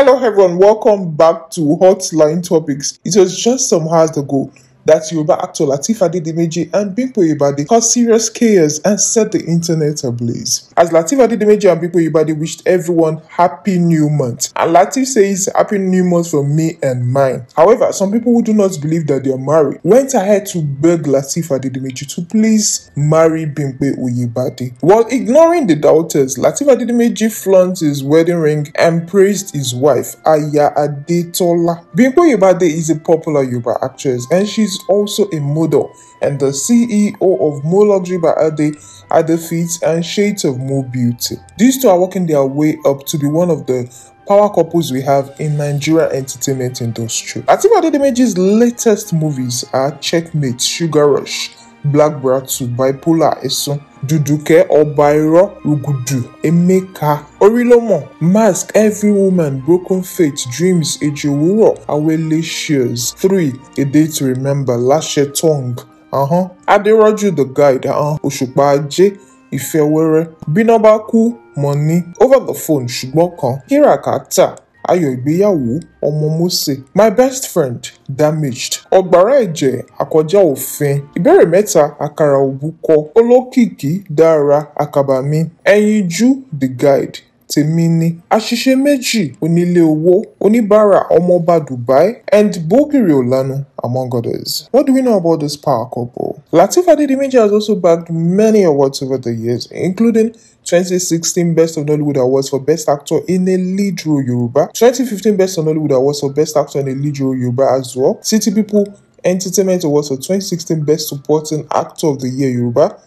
Hello, everyone. Welcome back to Hotline Topics. It was just some hours ago that Yoruba actor Latifa Adedimeji and Bimpo Yubadi caused serious chaos and set the internet ablaze. As Latifa Adedimeji and Bimpo Yubadi wished everyone happy new month, and Latif says happy new month for me and mine. However, some people who do not believe that they are married went ahead to beg Latifa Adedimeji to please marry Bimpe Oyebade. While ignoring the doubters, Latifa Adedimeji flaunted his wedding ring and praised his wife, Aya Adetola. Bimpe Oyebade is a popular Yuba actress and she's is also a model and the CEO of Mo Luxury by Ade, Ade Feet and Shades of Mo Beauty. These two are working their way up to be one of the power couples we have in Nigeria entertainment industry. Atiku Adedemeji's latest movies are Checkmate, Sugar Rush, Black to Bipolar, Ẹ̀sùn, Dùdùkẹ́, or Irọ́, Rùgùdù, Emeka, Orílọ́mọ̀, Mask, Every Woman, Broken Faith, Dreams, Èjì Òwúrọ̀, Awele 3. A Day to Remember, your Tongue, uh-huh. Adérọ́jú The Guide, uh-huh. Òṣùpá Ajé, Ìfẹ́ Wẹ́rẹ́, Bínábá binabaku Money, Over the Phone, Ṣùgbọ́n hirakata ayọ̀ ìgbéyàwó ọmọ Mósè my best friend damaged ọ̀gbàrá ẹ̀jẹ̀ àkọjá òfin ìbéèrè mẹ́ta àkàrà òbúkọ olókìkí dára àkàbà mi ẹyinjú the guide tèmi ni àṣìṣe méjì onílé owó oníbàárà ọmọọba Dubai and Bobiri Olanu among others. What do we know about this power couple? Lateef Adedimeji has also bagged many awards over the years, including 2016 Best of Nollywood Awards for Best Actor in a Lead Role Yoruba, 2015 Best of Nollywood Awards for Best Actor in a Lead Role Yoruba as well, City People Entertainment Awards for 2016 Best Supporting Actor of the Year Yoruba,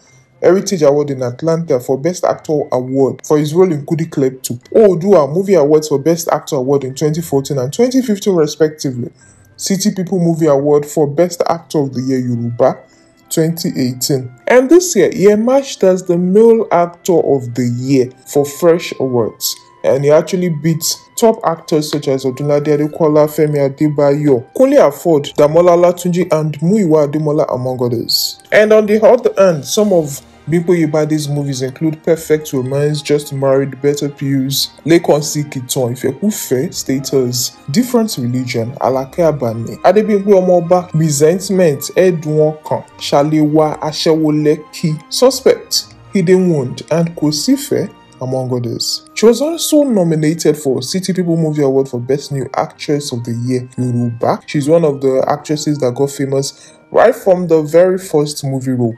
Heritage Award in Atlanta for Best Actor Award for his role in Kudi 2. Oodua Movie Awards for Best Actor Award in 2014 and 2015 respectively, City People Movie Award for Best Actor of the Year Yoruba 2018. And this year, he emerged as the Male Actor of the Year for Fresh Awards. And he actually beats top actors such as Odunlade Adekola, Femi Adebayo, Kunle Afod, Damola Latunji, and Muiwa Ademola, among others. And on the other hand, some of People you buy these movies include Perfect Romance, Just Married, Better if you Sikiton, Ifekufe, Status, Different Religion, Alake Abani, Adebimpe Omoba, Resentment, Edwon Kan, Shalewa Ashewoleki, Suspect, Hidden Wound, and Kosife, among others. She was also nominated for City People Movie Award for Best New Actress of the Year, Yoruba. She's one of the actresses that got famous right from the very first movie role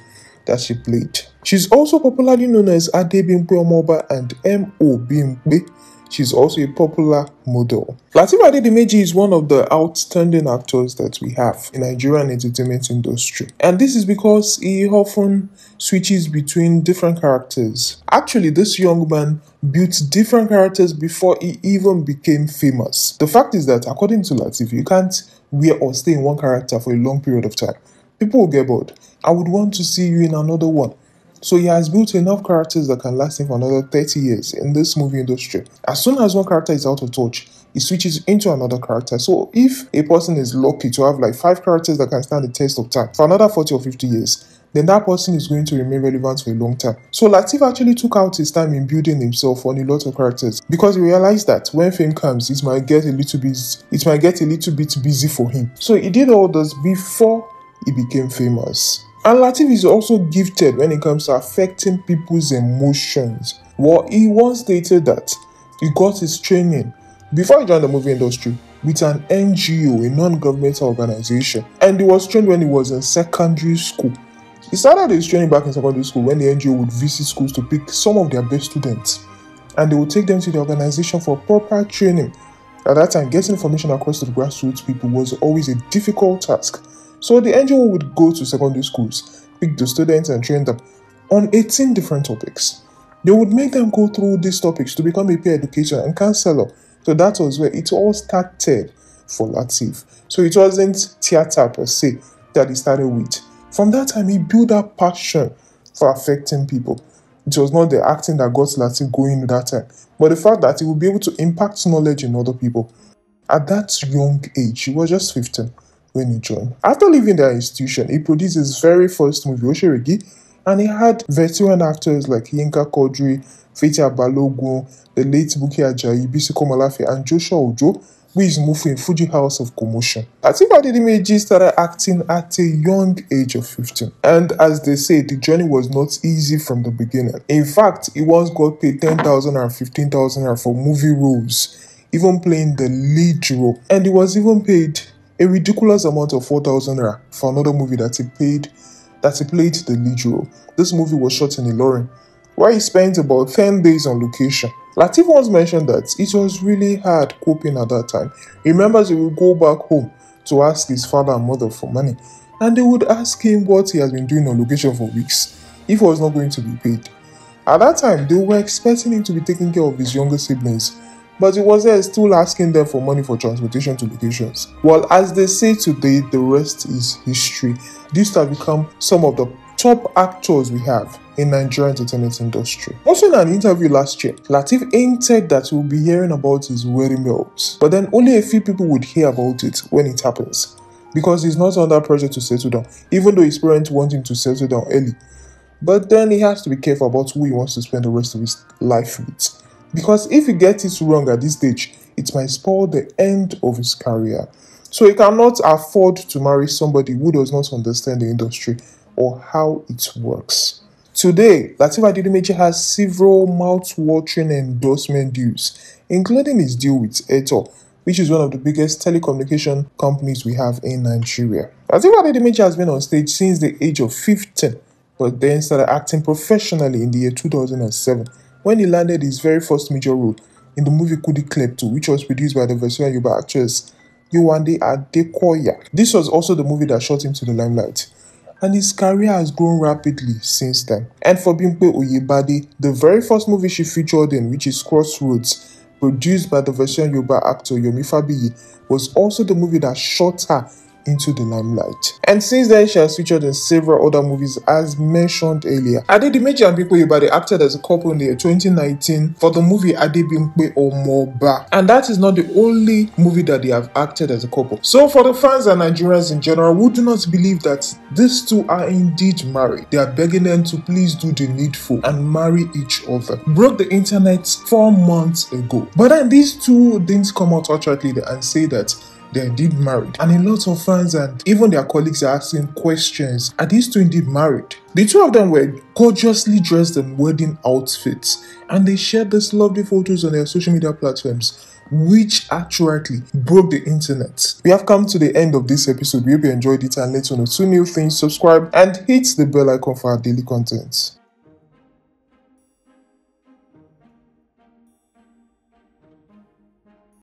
that she played. She's also popularly known as Ade Omoba and M.O. Bimpe. She's also a popular model. Lateef Adedimeji is one of the outstanding actors that we have in Nigerian entertainment industry. And this is because he often switches between different characters. Actually, this young man built different characters before he even became famous. The fact is that according to Latif, you can't wear or stay in one character for a long period of time. People will get bored. I would want to see you in another one. So he has built enough characters that can last him for another 30 years in this movie industry. As soon as one character is out of touch, he switches into another character. So if a person is lucky to have like five characters that can stand the test of time for another 40 or 50 years, then that person is going to remain relevant for a long time. So Latif actually took out his time in building himself on a lot of characters because he realized that when fame comes, it might get a little bit it might get a little bit busy for him. So he did all this before he became famous. And Latif is also gifted when it comes to affecting people's emotions. Well, he once stated that he got his training before he joined the movie industry with an NGO, a non governmental organization, and he was trained when he was in secondary school. He started his training back in secondary school when the NGO would visit schools to pick some of their best students and they would take them to the organization for proper training. At that time, getting information across to the grassroots people was always a difficult task so the NGO would go to secondary schools, pick the students, and train them on 18 different topics. They would make them go through these topics to become a peer educator and counselor. So that was where it all started for Latif. So it wasn't theater per se that he started with. From that time, he built up passion for affecting people. It was not the acting that got Latif going at that time, but the fact that he would be able to impact knowledge in other people. At that young age, he was just 15, when he joined. After leaving that institution, he produced his very first movie, Oshirigi, and he had veteran actors like Yinka Kodri, Fetia Balogun, the late Buki Ajayi, Bisi Komalafe, and Joshua Ojo, who is moving in Fuji House of Commotion. Atiku Adedimeji started acting at a young age of 15. And as they say, the journey was not easy from the beginning. In fact, he once got paid 10,000 and 15,000 for movie roles, even playing the lead role. And he was even paid a ridiculous amount of 4,000 Naira for another movie that he paid that he played the lead role. This movie was shot in Ilorin, where he spent about 10 days on location. Latif once mentioned that it was really hard coping at that time. He remembers he would go back home to ask his father and mother for money, and they would ask him what he has been doing on location for weeks if he was not going to be paid. At that time, they were expecting him to be taking care of his younger siblings but it was there still asking them for money for transportation to locations. Well, as they say today, the rest is history. These have become some of the top actors we have in Nigerian entertainment industry. Also in an interview last year, Latif hinted that we'll be hearing about his wedding bells, but then only a few people would hear about it when it happens because he's not under pressure to settle down, even though his parents want him to settle down early. But then he has to be careful about who he wants to spend the rest of his life with. Because if he gets it wrong at this stage, it might spoil the end of his career. So he cannot afford to marry somebody who does not understand the industry or how it works. Today, Latifa Adedimeji has several mouth-watering endorsement deals, including his deal with Airtel, which is one of the biggest telecommunication companies we have in Nigeria. Latifa Adedimeji has been on stage since the age of 15, but then started acting professionally in the year 2007 when he landed his very first major role in the movie Kudi Klepto, which was produced by the Venezuelan Yuba actress Yewande Adekoya. This was also the movie that shot him to the limelight. And his career has grown rapidly since then. And for Bimpe Oyebade, the very first movie she featured in, which is Crossroads, produced by the Venezuelan Yuba actor Yomi Fabi, was also the movie that shot her into the limelight. And since then, she has featured in several other movies as mentioned earlier. Adedimeji and Bimpe Yubade acted as a couple in the year 2019 for the movie Adebimpe Omoba. And that is not the only movie that they have acted as a couple. So for the fans and Nigerians in general who do not believe that these two are indeed married, they are begging them to please do the needful and marry each other. Broke the internet four months ago. But then these two did didn't come out outrightly and say that they're indeed married. And a lot of fans and even their colleagues are asking questions Are these two indeed married? The two of them were gorgeously dressed in wedding outfits and they shared these lovely photos on their social media platforms which accurately broke the internet. We have come to the end of this episode. We hope you enjoyed it and let us know two new things. Subscribe and hit the bell icon for our daily content.